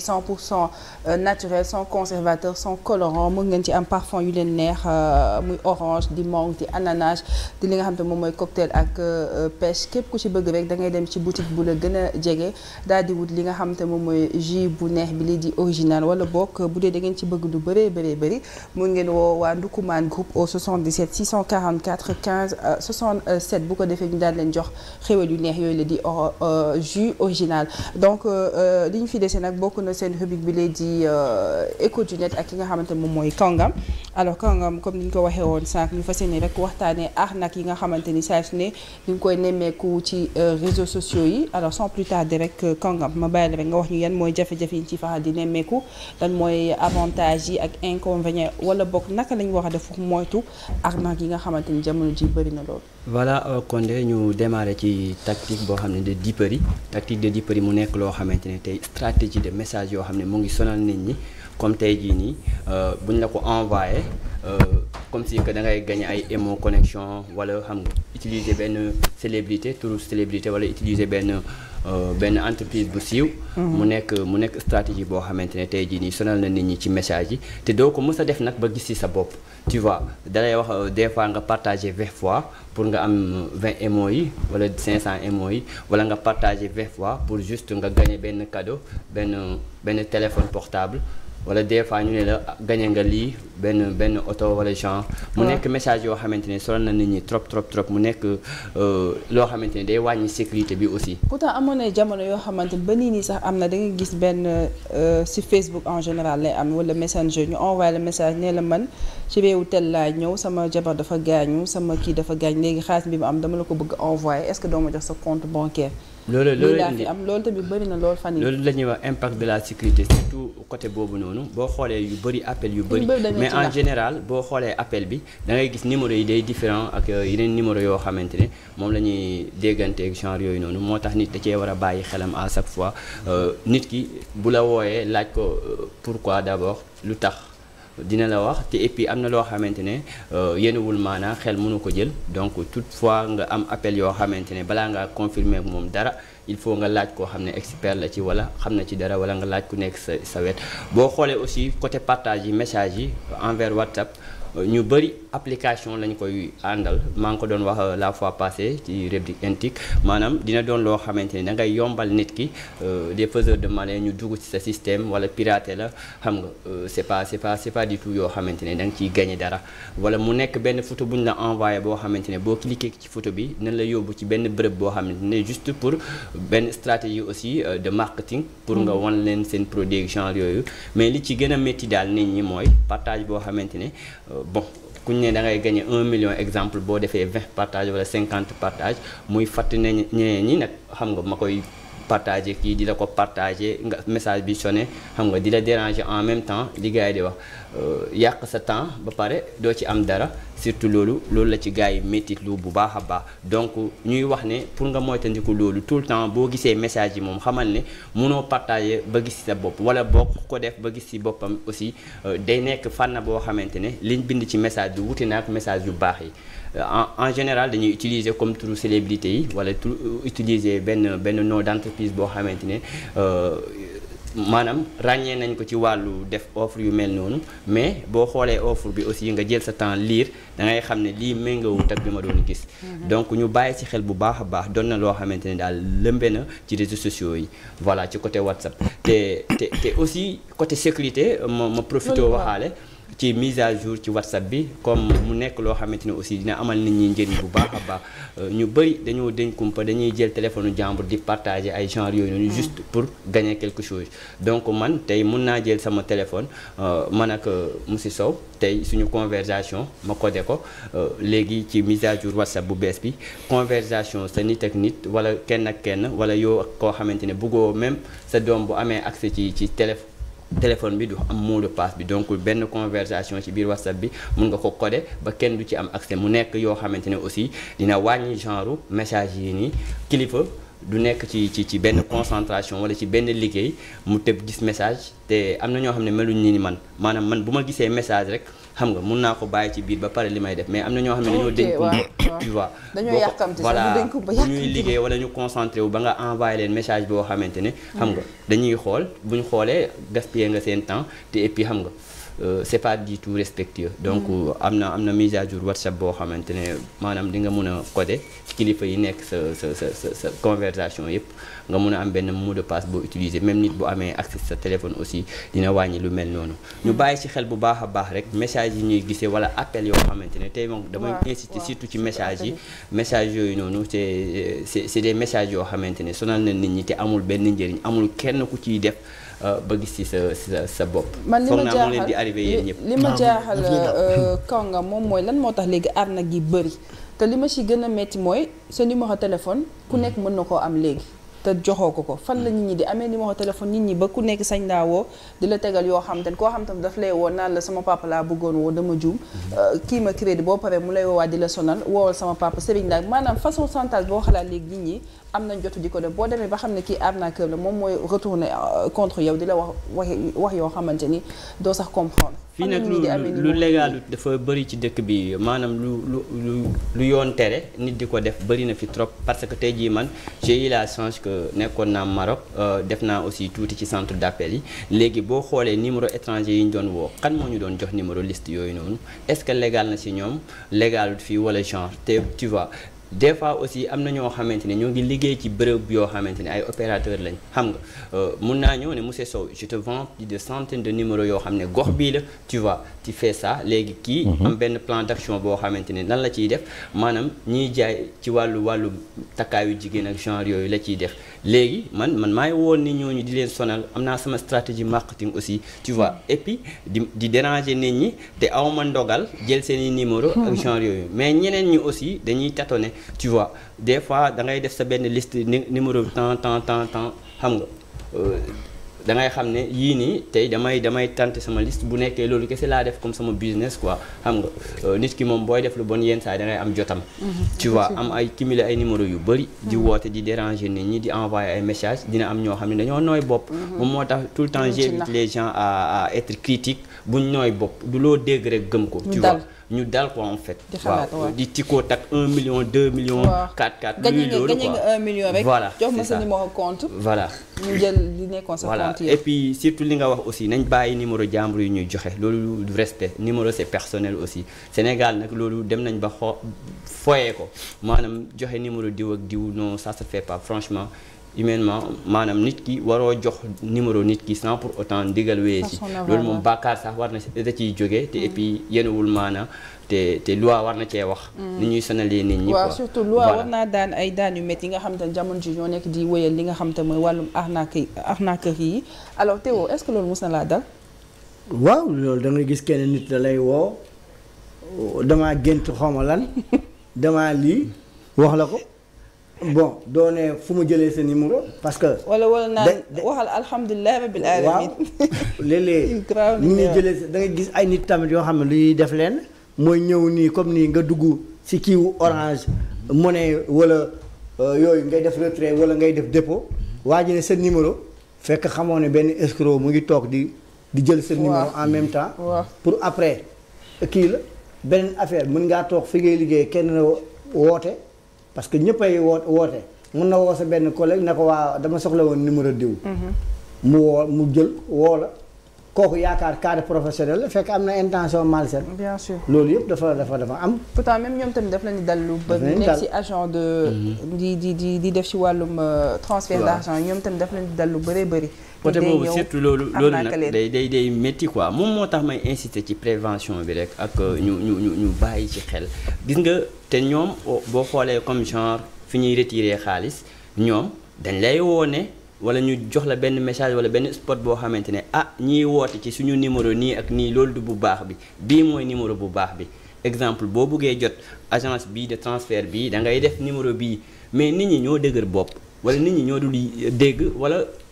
cent pour cent euh, naturel sans conservateur son colorant mën ngeen ci am parfum yu leen neex euh, muy orange di mangue di ananas di li nga xam te moom mooy cocktail ak euh, pêche képp ku ci bëgg rek da ngay dem ci boutique bu la gën a jege daal di wut li nga xam te moom mooy jus bu neex bi lii di original wala bokk bu dee da ngeen ci bëgg lu bëree bëree bëri mën ngeen woo waa Ndukumaan groupe au 77 644 15 67 bu ko defee ñu daal leen jox xéwal yu neex yooyu la di jus original donc li ñu fi dese nag kon na seen rubrique bi lay di écho euh, du ak ki nga xamante ne moom mooy kàngam alors kàngam comme ni ñu ko waxee woon sànq ñu fa yéene rek waxtaanee arnaque yi nga xamante ni saa su ne ñu ngi koy nemmeeku ci euh, réseau sociaux yi alors sans plus tarder rek euh, kàngam ma bàyyi la rek nga wax ñu yan mooy jafe-jafe yi ci faral di nemmeeku lan mooy avantage yi ak inconvénient wala bokk naka lañ war a def moytu arnaque yi nga xamante ni jamono ji bëri na lool. voilà euh, Condé ñu démarré ci tactique boo xam ne de Dippery tactique de Dippery mu nekk loo xamante ne tey stratégie de message yoo xam ne mu ngi sonal nit ñi comme tey jii nii euh, buñ la ko envoyé euh, comme si que da ngay gagné ay émo connexion wala xam nga utiliser benn célébrité turu célébrité wala utiliser benn. Euh, benn entreprise bu siiw. Mhm. mu nekk mu nekk stratégie boo xamante ne tey jii nii sonal na nit ñi ci message yi te doo ko mës a def nag ba gis ci sa bopp. tu vois dalay wax euh, des fois nga partagé vingt fois pour nga am vingt émo yi wala cinq cent émo yi wala nga partagé vingt fois pour juste nga gagné benn cadeau benn benn téléphone portable. wala des fois ñu ne la ah, gañe nga lii benn benn oto wala genre mu nekk message yoo xamante ne sonal na nit ñi trop trop trop mu nekk euh, loo xamante ne day wàññi sécurité bi aussi pourtant amoon na jamono yoo xamante ne ba nii nii sax am na da gis benn euh, si Facebook en général lay am wala messenger ñu envoyé le message nee la man ci réewu tel laa ñëw sama jabar dafa gaañu sama kii dafa gaañ léegi xaalis bi mu am dama la ko bëgg envoye est-ce que doo ma jox sa compte bancaire loolu loolu laa fi am loolu bëri na lool fan loolu la ñuy wax impact de la sécurité surtout côté boobu noonu boo xoolee yu bëri appel yu bëri mais en général boo xoolee appel bi da gis numéro yi dey différent ak euh, yeneen numéro yoo xamante ne moom la ñuy déggante ak genre yooyu noonu moo tax nit da war a bàyyi xelam à chaque fois euh, nit ki bu la wooyee laaj ko euh, pourquoi d'abord lu tax dina la wax te eppi am na loo xamante ne euh, yéenewul maanaa xel mënu ko jël donc tout toutefois nga am appel yoo xamante ne balaa ngaa confirmer moom dara il faut nga laaj koo xam ne expert la ci wala xam na ci dara wala nga laaj ku nekk sa sa wet boo xoolee aussi côté partage yi message yi envers WhatsApp ñu bëri application lañ koy àndal maa ngi ko doon wax euh, la fois passée ci rubrique intique maanaam dina doon loo xamante ni da ngay yombal nit ki euh, des faiseurs de malin ñu dugg ci sa système wala piraté la xam nga euh, c'est pas c'est pas c'est du tout yoo xamante ne da nga ciy gagné dara wala mu nekk benn photo bu la envoyé boo xamante ne boo cliqué ci photo bi nan la yóbbu ci benn bërëb boo xamante ne juste pour benn stratégie aussi de marketing pour nga mm. wan leen seen produit genre yooyu mais li ci gën a daal nit ñi mooy partage boo xamante ne bon ku ñu ne da ngay gagné un million exemple boo defee vingt partage wala cinquante partage muy fàttali ne ñeneen ñi nag xam nga ma koy partager kii di la ko partager nga message bi sone xam nga di la déranger en même temps li gars yi di wax. Euh, yàq sa temps ba pare doo ci am dara surtout loolu loolu la ci gars yi métit lu bu baax a baax donc ñuy wax ne pour nga moytandiku loolu tout le temps boo gisee message yi moom xamal ne munoo partager ba gis sa bopp wala boo ko def ba gis si boppam aussi euh, day nekk fànna boo xamante ne liñ bind ci message bi wuti na ak message yu baax yi euh, en général dañuy utiliser comme turu célébrité yi wala turu utiliser benn benn nom entreprise boo xamante ne maanaam ràññee nañ ko ci wàllu def offre yu mel noonu mais boo xoolee offre bi aussi nga jël sa temps liir da xam ne lii méngawut ak bi ma doon gis. Mhm. donc ñu bàyyi si xel bu baax a baax doon na loo xamante ne daal lëmbe na ci réseaux sociaux yi voilà ci côté WhatsApp te te te aussi côté sécurité ma ma profité waxaale. ci mise à jour ci whatsapp bi comme mu nekk loo xamante ni aussi dina amal nit ñi njëriñ bu baax a baax euh, ñu bëri dañoo deñ dañuy jël téléphone jàmbur di partager ay genre yooyu noonu mm. juste pour gagner quelque chose donc man tey mun naa jël sama téléphone euh, man ak euh, monsieur Sow tey suñu conversation ma codé ko léegi ci mise à jour whatsapp bu bees bi conversation sa nit ak nit wala kenn ak kenn wala yow koo xamante ne bëggoo même sa doom bu amee accès ci ci téléphone téléphone bi du am mot de passe bi donc benn conversation ci biir whatsapp bi mun nga ko codé ba kenn du ci am accès mu nekk yoo xamante ne aussi dina wàññi genre message yi nii kilifa du nekk ci ci ci benn concentration wala ci benn liggéey mu tëb gis message te am na ñoo xam ne meluñ nii ni man maanaam man bu ma gisee message rek xam nga mun naa ko bàyyi ci biir ba pare li may def mais am na ñoo xam ne dañoo dénk tu vois dañoo yàkkamti voilà ñuy liggéey wala ñu concentré wu ba nga envoyé leen message boo xamante ne xam nga hmm. dañuy xool bu ñu xoolee gaspillé nga seen temps te épp puis xam nga Euh, c'est pas du tout respectueux donc mm. euh, am na am na mise à jour WhatsApp boo xamante ne maanaam di nga mun a codé kilifa yi nekk sa sa sa sa conversation yëpp nga mun a am benn mot de passe boo utiliser même nit bu amee accès sa téléphone aussi dina wàññi lu mel noonu ñu mm. bàyyi ci xel bu baax a baax rek message yi ñuy gisee wala appel yoo xamante ne tey moom damay surtout ci message yi message yooyu noonu c'est c'est des messages yoo xamante ne sonal na nit ñi te amul benn njëriñ amul kenn ku ciy def Euh, ba gis ci sa sa sa bopp. man li ma jaaxal leen di arrivé yéen ñëpp. li ma jaaxal euh, moom mooy lan moo tax léegi arnaque yi bëri te li ma ci gën a métti mooy sa numéro téléphone ku nekk mën na koo am léegi. te joxoo ko ko fan la mm. nit ñi di amee numéro téléphone nit ñi ba ku nekk sañ laa woo di la tegal yoo xam te koo xam tam daf lay woo naan la sama papa laa bëggoon woo dama juum mm-hmm. euh, kii ma crédit boo paree mu lay woowaat di la sonal woowal sama papa Serigne daal maanaam façon chantage boo xalaat léegi nit ñi am nañ jotu di ko def boo demee ba xam ne kii arnaqueur la moom mooy retourner euh, contre yow di la wax wax wax yoo xamante ni doo sax comprendre fii nag lu lu légal dafa bëri ci dëkk bi maanaam lu lu lu lu yoon tere nit di ko def bëri na fi trop parce que tey jii man j'ai eu la chance que nekkoon naa Maroc euh, def naa aussi tuuti ci centre d'appel yi léegi boo xoolee numéro étranger yi ñu doon woo kan moo ñu doon jox numéro liste yooyu noonu est-ce que légal na si ñoom légalut fii wala genre te tu vois des fois aussi am na ñoo xamante ne ñoo ngi liggéey ci bërëb yoo xamante ne ay opérateur lañ xam nga euh, mun naa ñëw ne monsieur Sow je te vends des centaines de numéro yoo xam ne gox bii la tu vois tu fais ça léegi kii mhm. am benn plan d'action boo xamante ne lan la ciy def maanaam ñiy jaay ci wàllu wàllu takkaayu jigéen ak genre yooyu la ciy def léegi man man maay woon ni ñooñu di leen sonal am naa sama stratégie marketing aussi tu vois et puis di di déranger nit ñi te aw ma ndogal jël seeni numéro ak hmm. genre yooyu mais ñeneen ñi aussi dañuy tâtonner tu vois des fois da ngay def sa benn liste numéro temps temps temps temps xam nga euh, da ngay xam ne yii nii tey damay damay tenter sama liste bu nekkee loolu kese laa def comme sama business quoi xam nga euh, nit ki moom booy def lu bon yenn saa da ngay am jotam. Mhm. tu vois am ay cumuler ay numéro yu bëri. di mhm. woote di déranger nit ñi di envoyer ay messages dina am ñoo xam ne dañoo nooy bopp. Mhm. moom moo tax tout le temps j'invite les gens buñ nooy bopp du loo dégg rek gëm ko. tu vois ñu dal ko en fait. di waaw di tikkoo tak 1 million 2 million 4 4 luy loolu gañ nga 1 million rek. voilà jox ma sa numéro compte. voilà ñu jël li nekkoon sa compte yi. et surtout li nga wax aussi nañ bàyyi numéro jàmbur yu ñuy joxe loolu du respect numéro c'est personnel aussi Sénégal nag loolu dem nañ ba xoo foyee ko maanaam joxe numéro diw ak diw non ça se fait franchement. humainement maanaam nit ki waroo jox numéro nit ki sans pour autant ndigal wéyee si loolu moom bàkkaar sax war na da ciy jógee te et puis mm. maana te te loi war na cee wax. Mm. ni ñuy sonalee nit ñi quoi waaw surtout ay daan yu métti nga xam te ne jamono ji ñoo nekk di wéyal li nga xam te mooy wàllum arnaque arnaqueur yi alors Théo est-ce que loolu mos na laa dal. waaw loolu da gis kenn nit la lay woo dama gént xawma lan damaa lii wax la ko. bon doo ne fu ma jëlee sa numéro parce que. wala wala naan waxal alhamdulilah rabbil alamin. waaw léeg-léeg ni jëlee da nga gis ay nit tamit yoo xam ne lu ñuy def leen mooy ñëw nii comme nii nga dugg si kiiwu orange monnaie wala euh, yooyu ngay def retrait wala ngay def dépôt waa ji seen sa numéro fekk xamoo ne benn escroc mu ngi toog di di jël seen numéro en même temps pour après kii la beneen affaire mën ngaa toog fi ngay liggéey kenn woote parce que ñëppay woo woote mun na woo sa benn collègue ne ko waa dama soxla woon numéro diw mhm. mu woo mu jël woo kooku yaakaar cadre professionnel fekk am na intention malsaine. bien sûr loolu yëpp dafa dafa dafa am. pourtant même ñoom tamit daf la ñu dal lu. ba nekk ci agent de. Mhm. di di di di def ci wàllum euh, transfert d'argent ñoom tamit daf la ñu dal lu bëree bëri. côté boobu surtout loolu loolu nag day day day métti quoi moom moo tax may insister ci prévention bi rek ak euh, ñu ñu ñu ñu bàyyi ci xel gis nga te ñoom boo xoolee comme genre fi ñuy retirer xaalis ñoom dañ lay woone wala ñu jox la benn message wala benn spot boo xamante ne ah ñiy woote ci suñu numéro nii ak nii loolu du bu baax bi bii mooy numéro bu baax bi exemple boo buggee jot agence bii de transfert bii da ngay def numéro bii mais nit ñi ñoo dëgër bopp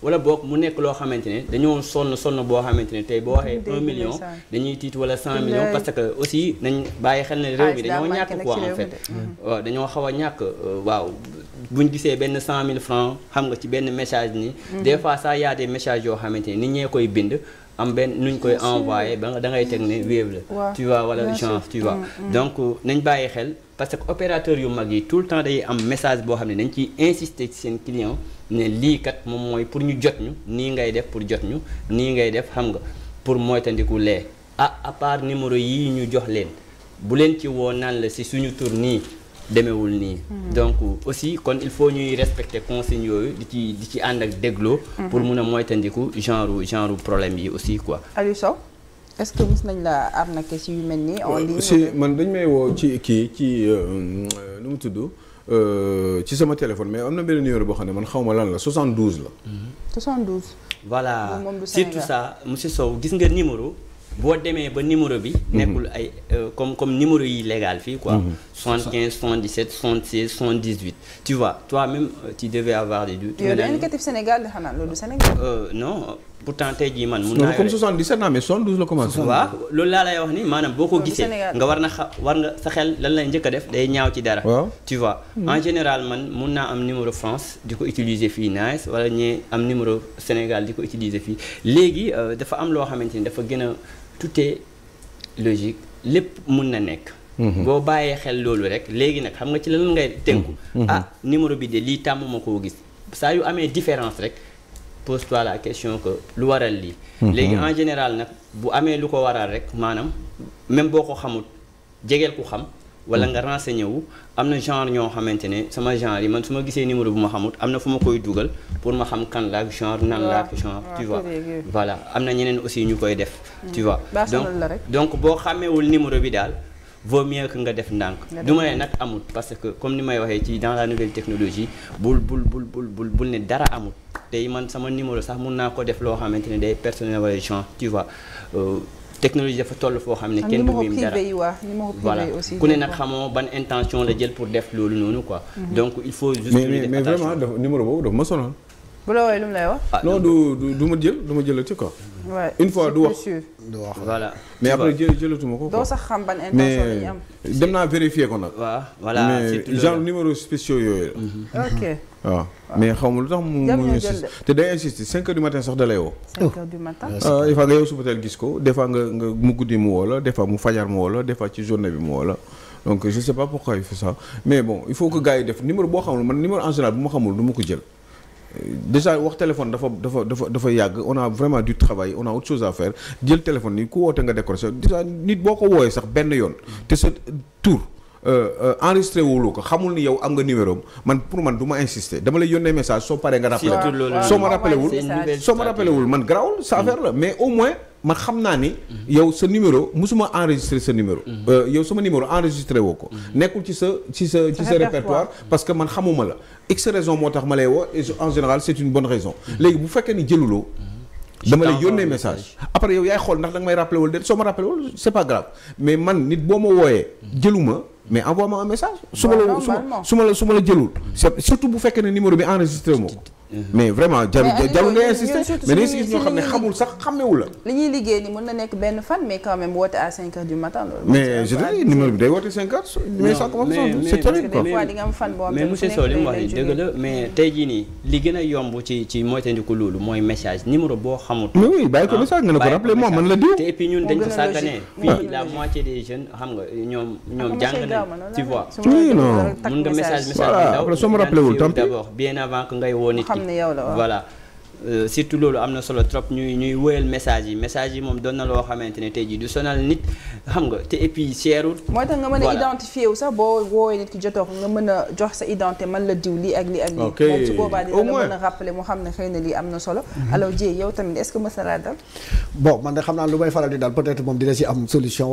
wala boog mu nekk loo xamante ne dañoo sonn sonn boo xamante ne tey boo waxee 1 million dañuy tiit wala 100 millions parce que aussi nañ bàyyi xel ne réew mi dañoo ñàkk quoi mhm. xaw a ñàkk euh, waaw buñ gisee benn 100000 francs xam nga ci benn message ni mhm. des fois ça y messages yoo xamante ne nit ñee koy bind am benn nuñ koy envoyé ba nga da ngay teg ne wéew la wala genre tu vois mhm, donc euh, nañ bàyyi xel parce que opérateur yu mag yi tout le temps day am message boo xam ne dañ ciy insister ci seen client ne lii kat moom mooy pour ñu jot ñu nii ngay def pour jot ñu nii ngay def xam nga pour moytandiku lee ah à part numéro ñu jox leen bu leen ci woo naan la si suñu tur nii demewul nii. Hmm. donc aussi kon il faut ñuy respecter consignes yooyu di ci di ci ànd ak dégloo. Hmm. pour mun a moytandiku genre genre problème yi aussi quoi. Aliou Sow est-ce que mos nañ la arnaquer si yu mel nii en euh, ligne. si man dañ may woo ci kii ci euh, euh, nu mu tudd. Euh, ci sama téléphone mais am na benn numéro boo xam ne man xaw ma lan la 72 la. 72. voilà surtout ça monsieur Sow gis nga numéro. boo demee ba numéro bi. Mhm. nekkul ay euh, comme comme numéro yi légal fii quoi. 75 77 76 78. tu vois toi même euh, tu devais avoir des doutes. yow indicatif Sénégal la xanaa loolu Sénégal. Euh, non jii man. mun naa yore comme 77 naa mais la commencé. waaw loolu laa lay wax ni maanaam boo ko gisee. nga war na xa war nga sa xel lan lay njëkk def day ñaaw ci dara. tu vois mhm. en général man mun naa am numéro France di ko utiliser fii nice wala ñee am numéro Sénégal di ko utiliser fii léegi dafa am loo xamante ni dafa gën a. tout est logique lépp mun na nekk. Mhm. boo bàyyee xel loolu rek léegi nag xam nga ci la ngay tënku. Mhm. Mhm. ah numéro bi de lii tàmm ma koo gis saa yu amee différence rek pose toi la question ko lu waral lii. léegi en général nag bu amee lu ko waral rek maanaam même boo ko xamul jegeel ku xam. wala hmm. nga renseigné am na genre ñoo xamante ne sama genre yi man su ma gisee numéro bu ma xamut am na fu ma koy dugal pour ma xam kan la ak genre nan la ak genre tu vois voilà am na ñeneen aussi ñu koy def hmm. tu vois donc donc boo xàmmeewul numéro bi daal vaut mieux que nga def ndànk du ma ne nag amul parce que comme ni may waxee ci dans la nouvelle technologie bul bul bul bul bul bul ne dara amul tey man sama numéro sax mun naa ko def loo xamante ne day personnel wala genre technologie dafa toll foo xam ne kenn du mu dara voilà ku ne nag xamoo ban intention la jël pour def loolu noonu quoi mhm. donc il faut juste mais mais vraiment dafa numéro boobu la wax. Ah, non du du ma jël du ma jëlati quoi. une fois du wax du wax voilà. mais après jël jëlatuma ko. doo sax xam ban dem naa vérifier ko nag. waaw voilà mais genre numéro spéciaux yooyu la. Mhm. waaw mais xaw ma lu tax mu mu insiste te day insister 5 heures du matin sax da woo. 5 ah, nga yow suba teel gis ko des fois nga nga mu guddi mu woo la des mu fajar mu woo la des fois ci journée bi mu woo la donc je sais pas pourquoi il fait ça mais bon il faut que gars def numéro boo xamul man numéro en général bu ma xamul du ma ko jël. déjà wax téléphone dafa dafa dafa dafa yàgg on a vraiment du travail on a autre chose à jël téléphone ni ku woote nga décroché déjà nit boo ko wooyee sax benn yoon te sa Euh, euh, enregistré wuloo ko xamul ni yow am nga numéro man pour man du ma insister dama lay yónnee message soo paree nga rappelé soo ma rappelé wul soo ma rappelé man garaawul sa mm. mais au moins man xam naa ni mm-hmm. yow sa numéro musuma enregistré sa numéro mm-hmm. euh, yow sama numéro enregistré woo ko mm-hmm. nekkul ci sa ci sa ci parce que man xamuma la x moo tax ma lay woo et en général c'est une bonne raison léegi bu fekkee ni jëluloo dama lay yónnee message après yow yaay xool ndax da nga may rappelé wul déet soo ma rappelé wul c'est mais man nit boo ma wooyee jëluma mais envoie ma un message su ma la su ma la su ma la jëlul surtout bu fekkee ne numéro bi enregistré moo Uh-huh. mais vraiment jarul jarul ngay insister mais dañuy gis ñoo xam ne xamul sax xamewu la. li ñuy liggéey ni mën na nekk benn fan mais quand même woote à 5 heures du matin loolu. mais je te boo xam ne mais monsieur Sow li mu wax dëgg nii li gën a yomb ci ci moytandiku loolu mooy message numéro boo xamut. mais oui bàyyi ko ah, message nga ne ko rappelé man la diw. te et puis ñun dañ ko sàgganee. fii nga jàng na tu vois. oui non mun nga message message bi daw. après soo ma rappelé wul tam bien avant que ngay woo xam ne yow la waaw voilà. Euh, surtout loolu am na solo trop ñuy ñuy wëyal message yi message yi moom doon na loo xamante ne tey du sonal nit xam nga te et puis seerul. mooy tax nga mën a identifié wu sax boo woowee nit ki jotoo nga mën a jox sa identité man la diw lii ak lii ak lii. moom su boobaa dina la mën a rappelé mu xam ne xëy na lii am na solo. Mhm. alors Dieng yow tamit est ce que na laa dal. bon man de xam naa lu may faral di daal peut être moom dina si am solution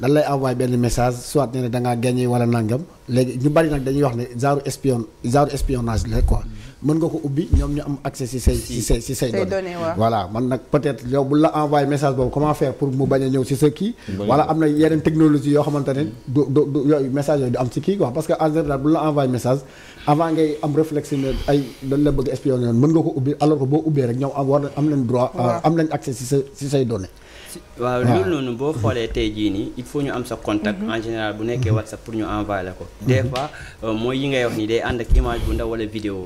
dañ lay envoyé benn message soit ne na da ngaa gagné wala nangam léegi ñu bari nag dañuy wax ne genre espion genre espionnage la quoi mën nga ko ubbi ñoom ñu am accès si say si say si say voilà man nag peut-être yow bu la envoyé message boobu comment pour mu bañ a ñëw si sa kii wala am na yeneen technologie yoo xamante ne du du yooyu message yooyu am si kii quoi parce que en la envoyé message avant ngay am réflexe ne ay dañ la bëgg espionné yoon mën nga ko ubbi alors que boo ubbee rek ñoom am war am nañ droit am nañ accès si sa si say données waaw ah. loolu noonu boo xoolee tey jii nii il faut ñu am sa contact mhm. en général bu nekkee mhm. WhatsApp pour ñu envoyer la ko des mhm. fois euh, mooy yi ngay wax nii day ànd ak image bu ndaw wala vidéo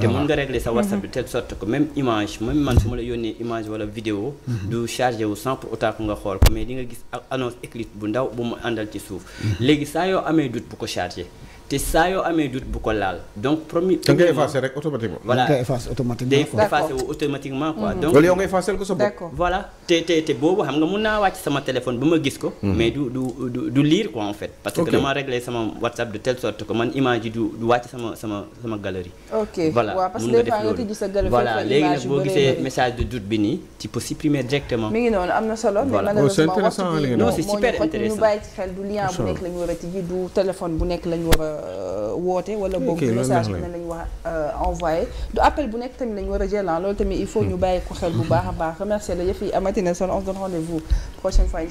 te mën nga régler sa WhatsApp de telle sorte ko même image même man su ma la yónnee image wala vidéo du chargé wu sans pour nga xool ko mais li nga gis annonce écrite bu ndaw bu mu àndal ci suuf léegi saa yoo amee doute bu ko chargé te saa yoo amee doute bu ko laal donc premier. da ngay effacer rek automatiquement. voilà da nga effacer automatiquement quoi. day effacer wu automatiquement quoi. Mm-hmm. donc loolu yow nga effacer ko sa bopp. voilà te te te boobu xam nga mun naa wàcc sama téléphone ba ma gis ko. Mm-hmm. mais du du du du lire quoi en fait. parce que dama réglé sama WhatsApp de telle sorte que man image yi du du wàcc sama sama sama galerie. ok voilà mun nga def loolu voilà léegi nag boo gisee message de doute bi nii tu peux supprimer directement. mi ngi noonu am na solo. voilà oh c'est intéressant li nga non c'est super intéressant. ñu bàyyi ci xel du lien bu nekk la ñu war a tijji du téléphone bu nekk la ñu war a Euh, woote wala boog message bi ne lañ wax euh, envoyé du appel bu nekk tamit lañ war a lool ah, loolu tamit il faut ñu hmm. bàyyi ko xel bu baax a baax remercier la yëf yi amatina solo on se donne rendez-vous prochaine fois